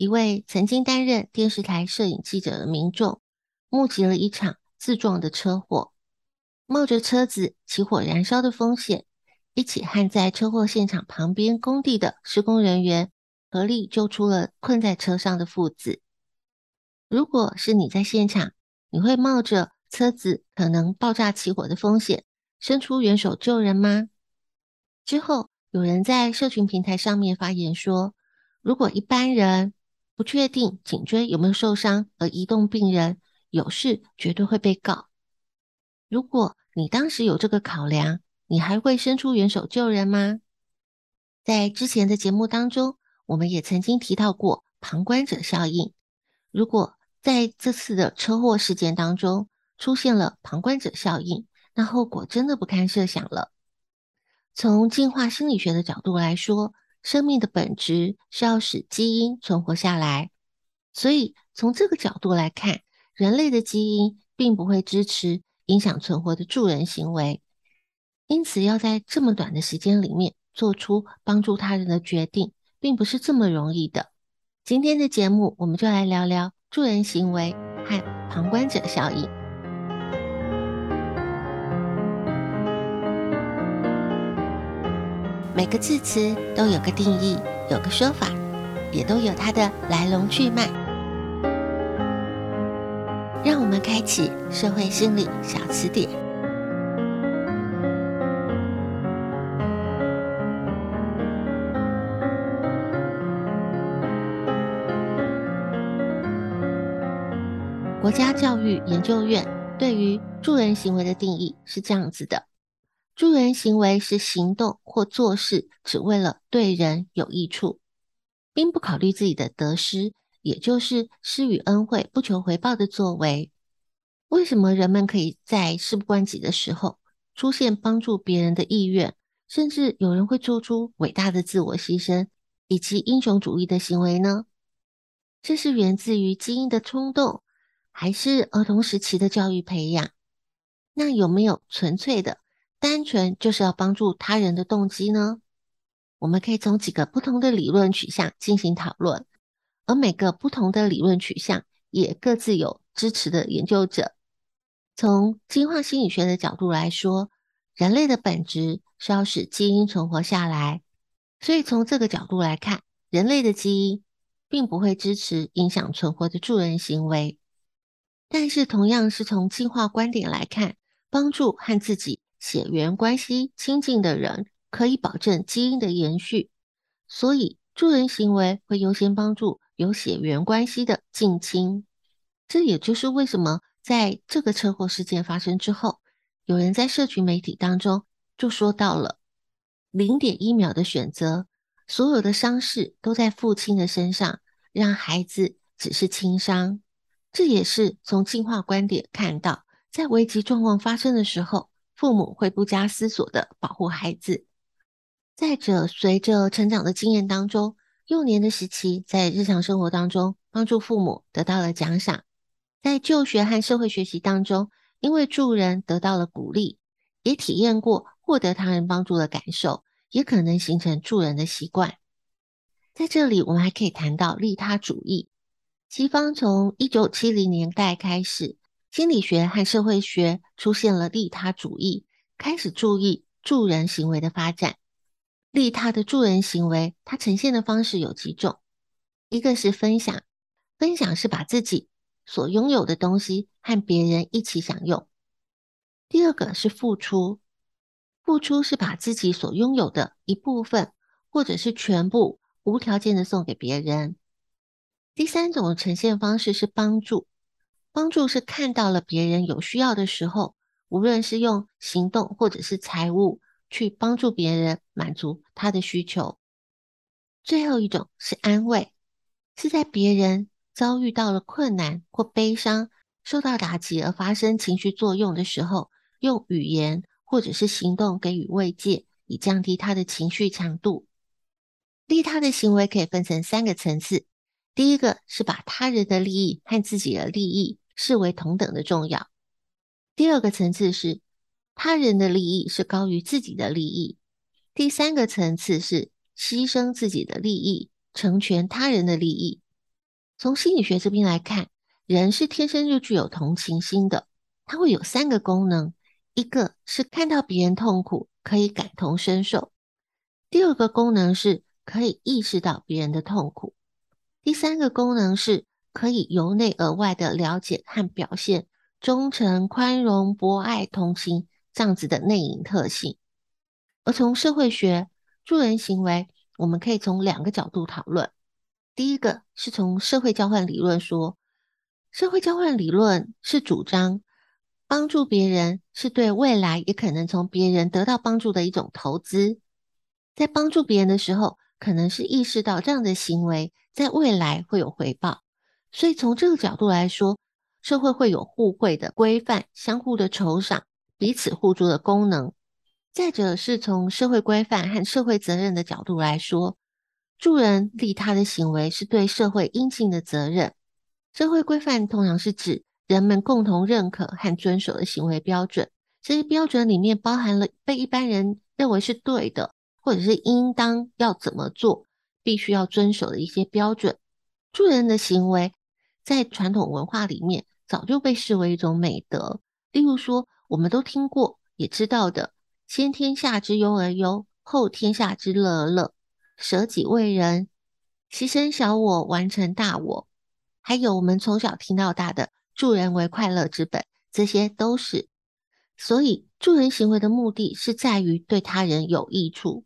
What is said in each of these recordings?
一位曾經擔任電視台攝影記者的民眾，目擊了一場自撞的車禍，冒着車子起火燃燒的風險，一起和在車禍現場旁邊工地的施工人員合力救出了困在車上的父子。如果是你在現場，你會冒着車子可能爆炸起火的風險，伸出援手救人嗎？之後有人在社群平台上面發言說，如果一般人。不確定頸椎有沒有受傷而移動病人，有事絕對會被告。如果你當時有這個考量，你還會伸出援手救人嗎？在之前的節目當中，我們也曾經提到過旁觀者效應。如果在這次的車禍事件當中出現了旁觀者效應，那後果真的不堪設想了。從進化心理學的角度來說，生命的本質是要使基因存活下來，所以從這個角度來看，人類的基因並不會支持影響存活的助人行為。因此，要在這麼短的時間裡面做出幫助他人的決定，並不是這麼容易的。今天的節目，我們就來聊聊助人行為和旁觀者效應。每個字詞都有個定義，有個說法，也都有它的來龍去脈。讓我們開啟《社會心理小詞典》。國家教育研究院對於助人行為的定義是這樣子的，助人行為是行動。或做事只為了對人有益處，並不考慮自己的得失，也就是施與恩惠不求回報的作為。為什麼人們可以在事不關己的時候出現幫助別人的意願，甚至有人會做出偉大的自我犧牲以及英雄主義的行為呢？這是源自於基因的衝動，還是兒童時期的教育培養？那有沒有純粹的？單純就是要幫助他人的動機呢？我們可以從幾個不同的理論取向進行討論，而每個不同的理論取向也各自有支持的研究者。從進化心理學的角度來說，人類的本質是要使基因存活下來，所以從這個角度來看，人類的基因並不會支持影響存活的助人行為。但是同樣是從進化觀點來看，幫助和自己。血緣關係親近的人可以保證基因的延續，所以助人行為會優先幫助有血緣關係的近親。這也就是為什麼在這個車禍事件發生之後，有人在社群媒體當中就說到了零點一秒的選擇，所有的傷勢都在父親的身上，讓孩子只是輕傷。這也是從進化觀點看到，在危急狀況發生的時候。父母會不假思索的保護孩子。再者，隨着成長的經驗當中，幼年的時期在日常生活當中幫助父母得到了獎賞，在就學和社會學習當中，因為助人得到了鼓勵，也體驗過獲得他人幫助的感受，也可能形成助人的習慣。在這裡，我們還可以談到利他主義。西方從一九七零年代開始。心理學和社會學出現了利他主義，開始注意助人行為的發展。利他的助人行為，它呈現的方式有幾種：一個是分享，分享是把自己所擁有的東西和別人一起享用；第二個是付出，付出是把自己所擁有的一部分或者是全部無條件的送給別人；第三種呈現方式是幫助。幫助是看到了別人有需要的時候，無論是用行動或者是財物去幫助別人滿足他的需求。最後一種是安慰，是在別人遭遇到了困難或悲傷、受到打擊而發生情緒作用的時候，用語言或者是行動給予慰藉，以降低他的情緒強度。利他的行為可以分成三個層次。第一個是把他人的利益和自己的利益視為同等的重要。第二個層次是他人的利益是高於自己的利益。第三個層次是犧牲自己的利益，成全他人的利益。從心理學這邊來看，人是天生就具有同情心的，他會有三個功能：一個是看到別人痛苦可以感同身受；第二個功能是可以意識到別人的痛苦。第三個功能是，可以由內而外的了解和表現忠誠、寬容、博愛、同情這樣子的內隱特性。而從社會學助人行為，我們可以從兩個角度討論。第一個是從社會交換理論說，社會交換理論是主張幫助別人是對未來也可能從別人得到幫助的一種投資。在幫助別人的時候，可能是意識到這樣的行為。在未來會有回報，所以從這個角度來說，社會會有互惠的規範、相互的酬賞、彼此互助的功能。再者，是從社會規範和社會責任的角度來說，助人利他的行為是對社會應盡的責任。社會規範通常是指人們共同認可和遵守的行為標準，這些標準裡面包含了被一般人認為是對的，或者是應當要怎麼做。必須要遵守的一些標準，助人的行為在傳統文化裡面早就被視為一種美德。例如說，我們都聽過也知道的“先天下之憂而憂，後天下之樂而樂”，捨己為人，犧牲小我，完成大我。還有我們從小聽到大的“助人為快樂之本”，這些都是。所以，助人行為的目的是在於對他人有益處，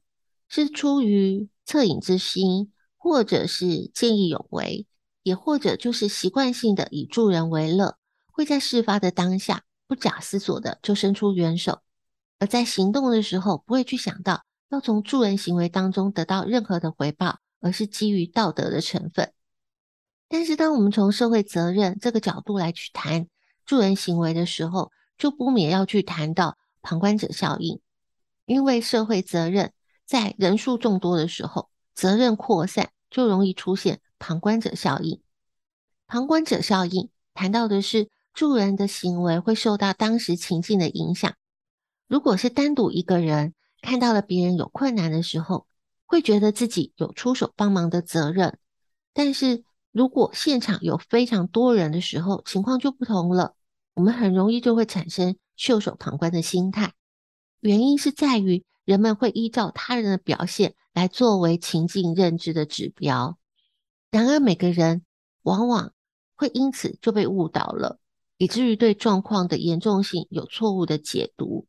是出於。惻隱之心，或者是見義勇為，也或者就是習慣性的以助人為樂，會在事發的當下不假思索的就伸出援手，而在行動的時候不會去想到要從助人行為當中得到任何的回報，而是基於道德的成分。但是，當我們從社會責任這個角度來去談助人行為的時候，就不免要去談到旁觀者效應，因為社會責任。在人數眾多的時候，責任擴散就容易出現旁觀者效應。旁觀者效應談到的是助人的行為會受到當時情境的影響。如果是單獨一個人看到了別人有困難的時候，會覺得自己有出手幫忙的責任。但是如果現場有非常多人的時候，情況就不同了，我們很容易就會產生袖手旁觀的心態。原因是在於。人們會依照他人的表現來作為情境認知的指標，然而每個人往往會因此就被誤導了，以至於對狀況的嚴重性有錯誤的解讀。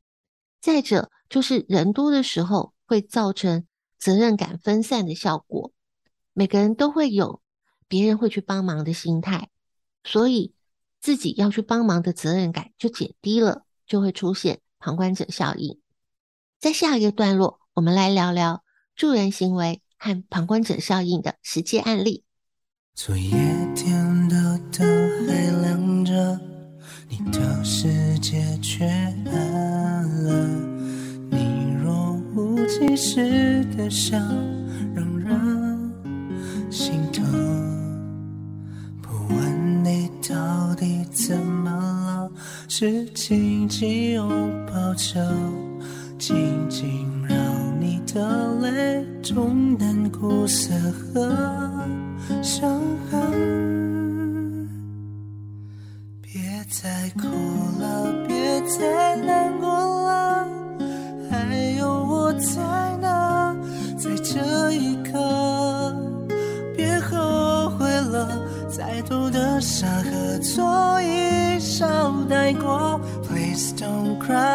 再者，就是人多的時候會造成責任感分散的效果，每個人都會有別人會去幫忙的心態，所以自己要去幫忙的責任感就減低了，就會出現旁觀者效應。在下一個段落我們來聊聊助人行為和旁觀者效應的實際案例。昨夜天的燈還亮着，你的世界卻暗了，你若無其事的笑，讓人心疼，不管你到底怎麼了，是情緊擁抱着靜靜讓你的淚沖淡苦澀和傷痕，別再哭了，別再難過了，還有我在呢，在這一刻，別後悔了，再多的傷和錯也少帶過。Please don't cry.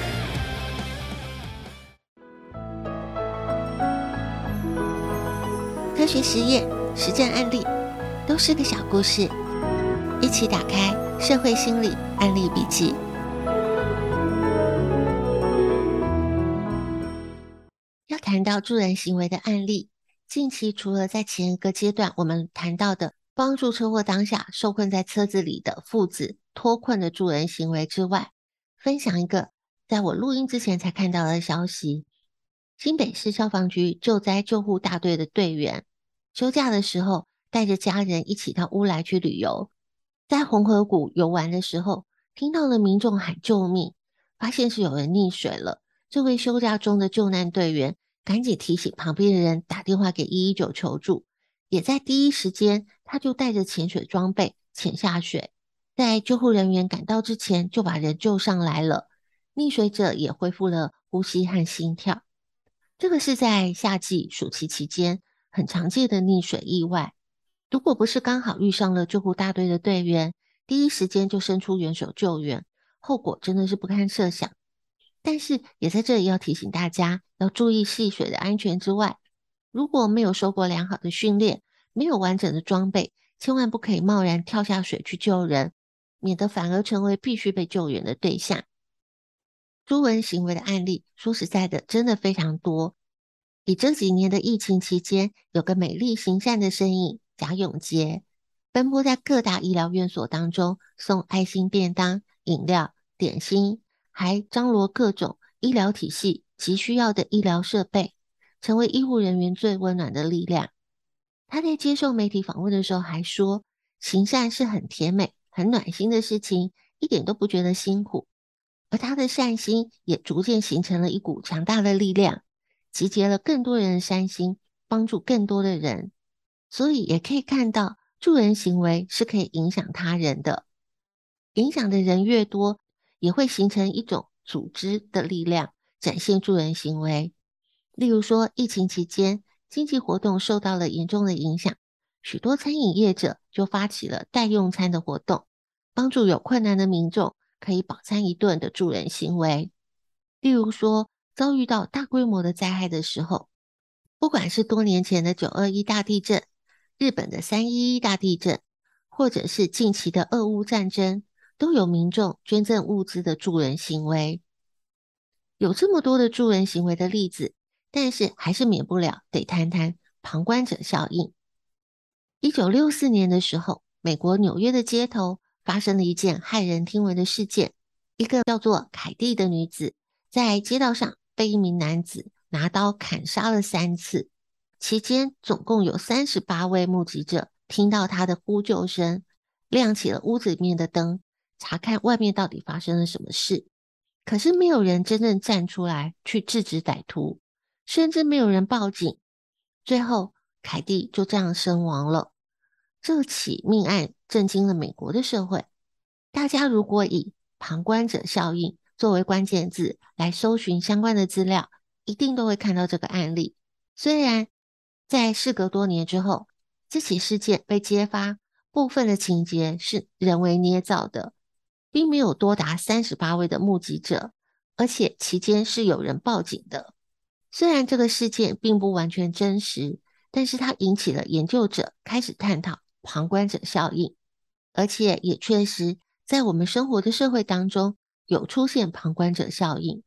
學實驗、實證案例都是個小故事，一起打開《社會心理案例筆記》。要談到助人行為的案例，近期除了在前一個階段我們談到的幫助車禍當下受困在車子裡的父子脫困的助人行為之外，分享一個在我錄音之前才看到的消息：新北市消防局救災救護大隊的隊員。休假的時候，帶着家人一起到烏來去旅遊。在紅河谷遊玩的時候，聽到了民眾喊救命，發現是有人溺水了。這位休假中的救難隊員，趕緊提醒旁邊的人打電話給一一九求助。也在第一時間，他就帶着潛水裝備潛下水，在救護人員趕到之前，就把人救上來了。溺水者也恢復了呼吸和心跳。這個是在夏季暑期期間。很常見的溺水意外，如果不是剛好遇上了救護大隊的隊員，第一時間就伸出援手救援，後果真的是不堪設想。但是也在這裡要提醒大家，要注意戲水的安全之外，如果沒有受過良好的訓練，沒有完整的裝備，千萬不可以貿然跳下水去救人，免得反而成為必須被救援的對象。助人行為的案例，說實在的，真的非常多。以這幾年的疫情期間，有個美麗行善的身影，賈永婕奔波在各大醫療院所當中，送愛心便當、飲料、點心，還張羅各種醫療體系急需要的醫療設備，成為醫護人員最溫暖的力量。他在接受媒體訪問的時候還說：“行善是很甜美、很暖心的事情，一點都不覺得辛苦。”而他的善心也逐漸形成了一股強大的力量。集結了更多人的善心，幫助更多的人，所以也可以看到助人行為是可以影響他人的，影響的人越多，也會形成一種組織的力量，展現助人行為。例如說，疫情期間，經濟活動受到了嚴重的影響，許多餐飲業者就發起了待用餐的活動，幫助有困難的民眾可以飽餐一頓的助人行為。例如說。遭遇到大規模的災害的時候，不管是多年前的九二一大地震、日本的三一一大地震，或者是近期的俄烏戰爭，都有民眾捐贈物資的助人行為。有這麼多的助人行為的例子，但是還是免不了得談談旁觀者效應。一九六四年的時候，美國紐約的街頭發生了一件駭人聽聞的事件，一個叫做凱蒂的女子在街道上。被一名男子拿刀砍殺了三次，期間總共有三十八位目擊者聽到他的呼救聲，亮起了屋子裡面的燈，查看外面到底發生了什麼事。可是沒有人真正站出來去制止歹徒，甚至沒有人報警。最後，凱蒂就這樣身亡了。這起命案震驚了美國的社會。大家如果以旁觀者效應作為關鍵字來搜尋相關的資料，一定都會看到這個案例。雖然在事隔多年之後，這起事件被揭發，部分的情節是人為捏造的，並沒有多達三十八位的目擊者，而且其間是有人報警的。雖然這個事件並不完全真實，但是它引起了研究者開始探討旁觀者效應，而且也確實在我們生活的社會當中。有出現旁觀者效應，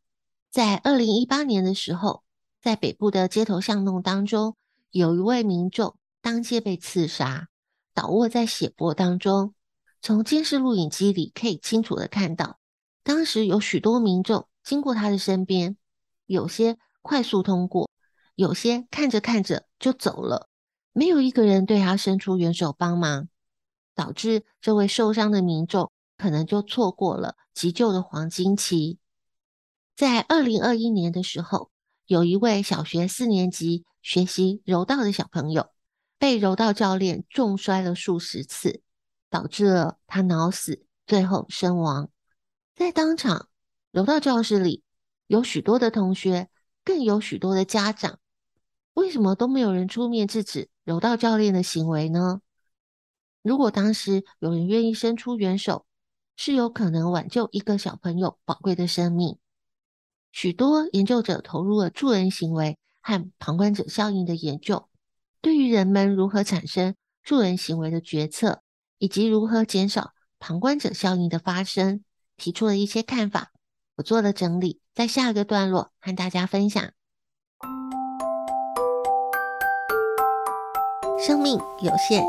在二零一八年的時候，在北部的街頭巷弄當中，有一位民眾當街被刺殺，倒臥在血泊當中。從監視錄影機裡可以清楚的看到，當時有許多民眾經過他的身邊，有些快速通過，有些看着看着就走了，沒有一個人對他伸出援手幫忙，導致這位受傷的民眾，可能就錯過了急救的黃金期。在二零二一年的時候，有一位小學四年級學習柔道的小朋友，被柔道教練重摔了數十次，導致了他腦死，最後身亡。在當場，柔道教室裡有許多的同學，更有許多的家長，為什麼都沒有人出面制止柔道教練的行為呢？如果當時有人願意伸出援手，是有可能挽救一個小朋友寶貴的生命。許多研究者投入了助人行為和旁觀者效應的研究，對於人們如何產生助人行為的決策，以及如何減少旁觀者效應的發生，提出了一些看法。我做了整理，在下一個段落和大家分享。生命有限，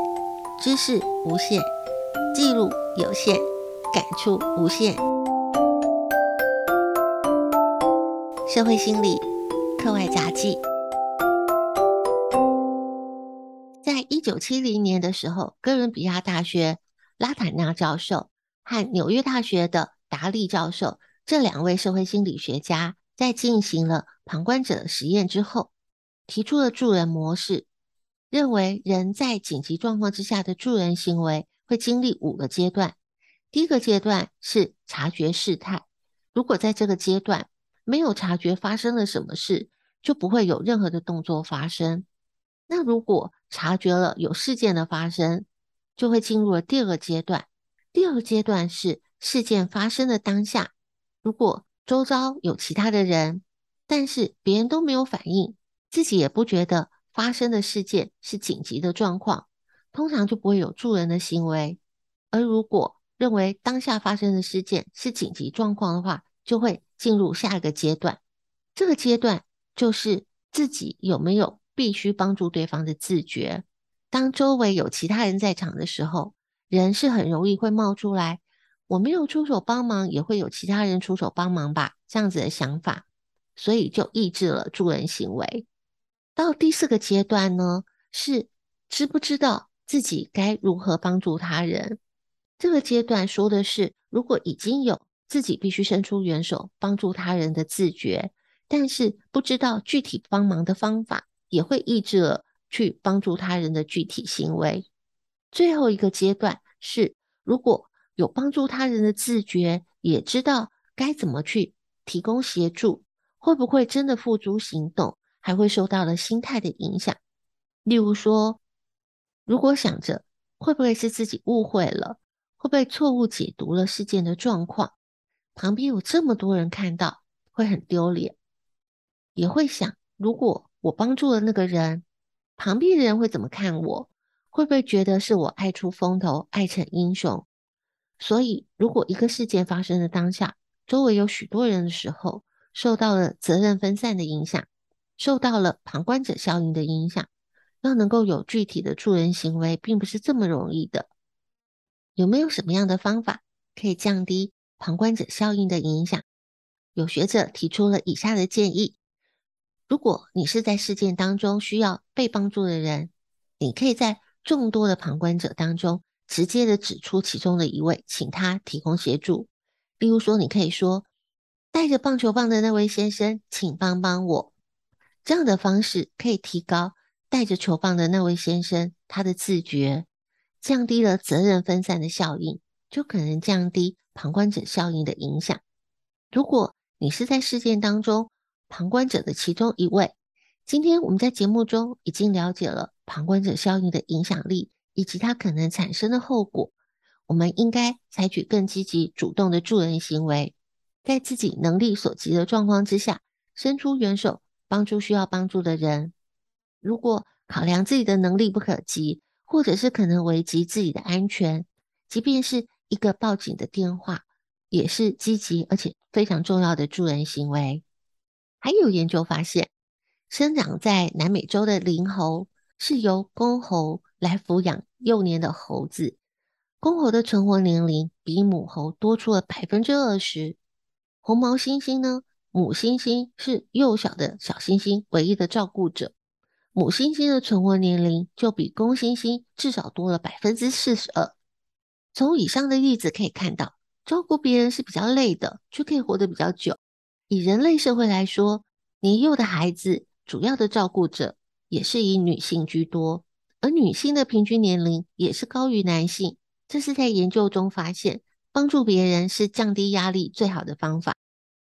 知識無限，記錄有限。感觸無限。社會心理課外雜記，在一九七零年的時候，哥倫比亞大學拉坦納教授和紐約大學的達利教授，這兩位社會心理學家在進行了旁觀者的實驗之後，提出了助人模式，認為人在緊急狀況之下的助人行為會經歷五個階段。第一個階段是察覺事態，如果在這個階段沒有察覺發生了什麼事，就不會有任何的動作發生。那如果察覺了有事件的發生，就會進入了第二個階段。第二個階段是事件發生的當下，如果周遭有其他的人，但是別人都沒有反應，自己也不覺得發生的事件是緊急的狀況，通常就不會有助人的行為。而如果認為當下發生的事件是緊急狀況的話，就會進入下一個階段。這個階段就是自己有沒有必須幫助對方的自覺。當周圍有其他人在場的時候，人是很容易會冒出來，我沒有出手幫忙，也會有其他人出手幫忙吧，這樣子的想法，所以就抑制了助人行為。到第四個階段呢，是知不知道自己該如何幫助他人。這個階段說的是，如果已經有自己必須伸出援手幫助他人的自覺，但是不知道具體幫忙的方法，也會抑制了去幫助他人的具體行為。最後一個階段是，如果有幫助他人的自覺，也知道該怎麼去提供協助，會不會真的付諸行動，還會受到了心態的影響。例如說，如果想着會不會是自己誤會了？會被錯誤解讀了事件的狀況，旁邊有這麼多人看到，會很丟臉，也會想：如果我幫助了那個人，旁邊的人會怎麼看我？會不會覺得是我愛出風頭、愛逞英雄？所以，如果一個事件發生的當下，周圍有許多人的時候，受到了責任分散的影響，受到了旁觀者效應的影響，要能夠有具體的助人行為，並不是這麼容易的。有沒有什麼樣的方法可以降低旁觀者效應的影響？有學者提出了以下的建議：如果你是在事件當中需要被幫助的人，你可以在眾多的旁觀者當中直接地指出其中的一位，請他提供協助。例如說，你可以說：“帶着棒球棒的那位先生，請幫幫我。”這樣的方式可以提高帶着球棒的那位先生他的自覺。降低了責任分散的效應，就可能降低旁觀者效應的影響。如果你是在事件當中旁觀者的其中一位，今天我們在節目中已經了解了旁觀者效應的影響力以及它可能產生的後果。我們應該採取更積極主動的助人行為，在自己能力所及的狀況之下，伸出援手幫助需要幫助的人。如果考量自己的能力不可及，或者是可能危及自己的安全，即便是一個報警的電話，也是積極而且非常重要的助人行為。還有研究發現，生長在南美洲的靈猴是由公猴來撫養幼年的猴子，公猴的存活年齡比母猴多出了百分之二十。紅毛猩猩呢，母猩猩是幼小的小猩猩唯一的照顧者。母猩猩的存活年齡就比公猩猩至少多了百分之四十二。從以上的例子可以看到，照顧別人是比較累的，卻可以活得比較久。以人類社會來說，年幼的孩子主要的照顧者也是以女性居多，而女性的平均年齡也是高於男性。這是在研究中發現，幫助別人是降低壓力最好的方法。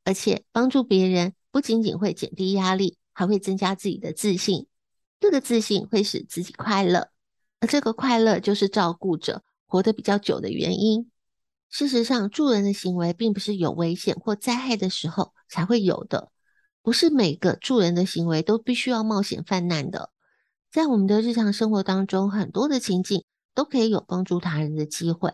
而且，幫助別人不僅僅會減低壓力，還會增加自己的自信。這個自信會使自己快樂，而這個快樂就是照顧者活得比較久的原因。事實上，助人的行為並不是有危險或災害的時候才會有的，不是每個助人的行為都必須要冒險犯難的。在我們的日常生活當中，很多的情境都可以有幫助他人的機會。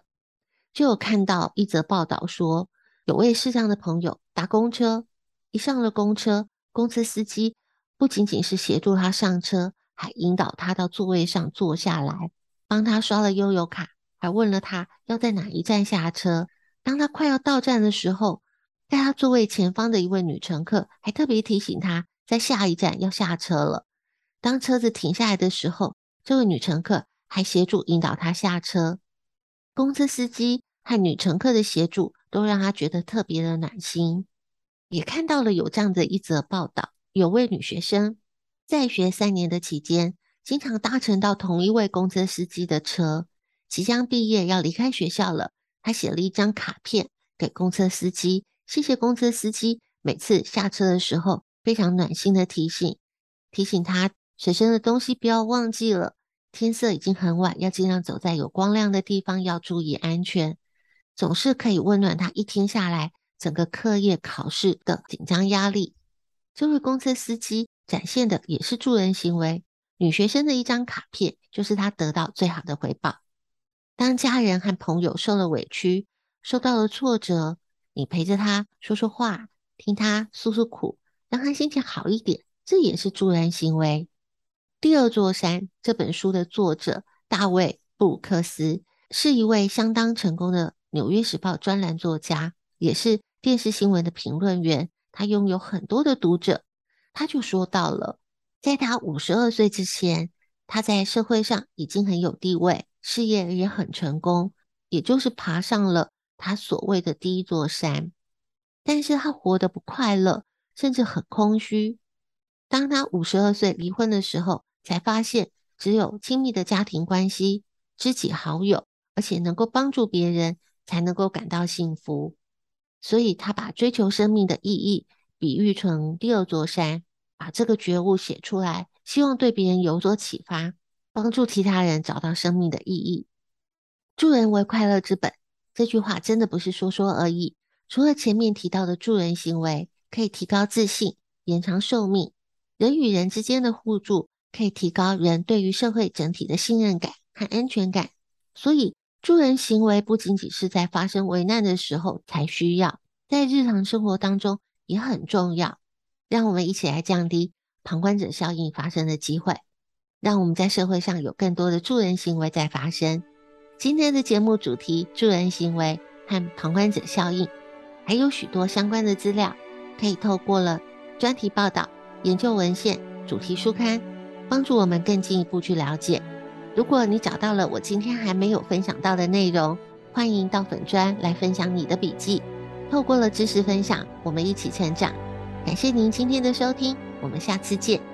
就有看到一則報道說，有位視障的朋友搭公車，一上了公車，公車司機。不僅僅是協助他上車，還引導他到座位上坐下來，幫他刷了悠遊卡，還問了他要在哪一站下車。當他快要到站的時候，在他座位前方的一位女乘客還特別提醒他在下一站要下車了。當車子停下來的時候，這位女乘客還協助引導他下車。公車司機和女乘客的協助都讓他覺得特別的暖心，也看到了有這樣的一則報道。有位女學生，在學三年的期間，經常搭乘到同一位公車司機的車。即將畢業，要離開學校了，她寫了一張卡片給公車司機，謝謝公車司機每次下車的時候，非常暖心的提醒，提醒她隨身的東西不要忘記了。天色已經很晚，要儘量走在有光亮的地方，要注意安全。總是可以溫暖她一天下來整個課業考試的緊張壓力。這位公車司機展現的也是助人行為。女學生的一張卡片，就是她得到最好的回報。當家人和朋友受了委屈，受到了挫折，你陪着她說說話，聽她訴訴苦，讓她心情好一點，這也是助人行為。第二座山這本書的作者大衛布魯克斯是一位相當成功的《紐約時報》專欄作家，也是電視新聞的評論員。他擁有很多的讀者，他就說到了，在他五十二歲之前，他在社會上已經很有地位，事業也很成功，也就是爬上了他所謂的第一座山。但是他活得不快樂，甚至很空虛。當他五十二歲離婚的時候，才發現只有親密的家庭關係、知己好友，而且能夠幫助別人，才能夠感到幸福。所以他把追求生命的意義比喻成第二座山，把這個覺悟寫出來，希望對別人有所啟發，幫助其他人找到生命的意義。助人為快樂之本，這句話真的不是說說而已。除了前面提到的助人行為，可以提高自信、延長壽命，人與人之間的互助可以提高人對於社會整體的信任感和安全感。所以。助人行為不僅僅是在發生危難的時候才需要，在日常生活當中也很重要。讓我們一起來降低旁觀者效應發生的機會，讓我們在社會上有更多的助人行為在發生。今天的節目主題“助人行為”和旁觀者效應，還有許多相關的資料，可以透過了專題報道、研究文獻、主題書刊，幫助我們更進一步去了解。如果你找到了我今天還沒有分享到的內容，歡迎到粉專來分享你的筆記。透過了知識分享，我們一起成長。感謝您今天的收聽，我們下次見。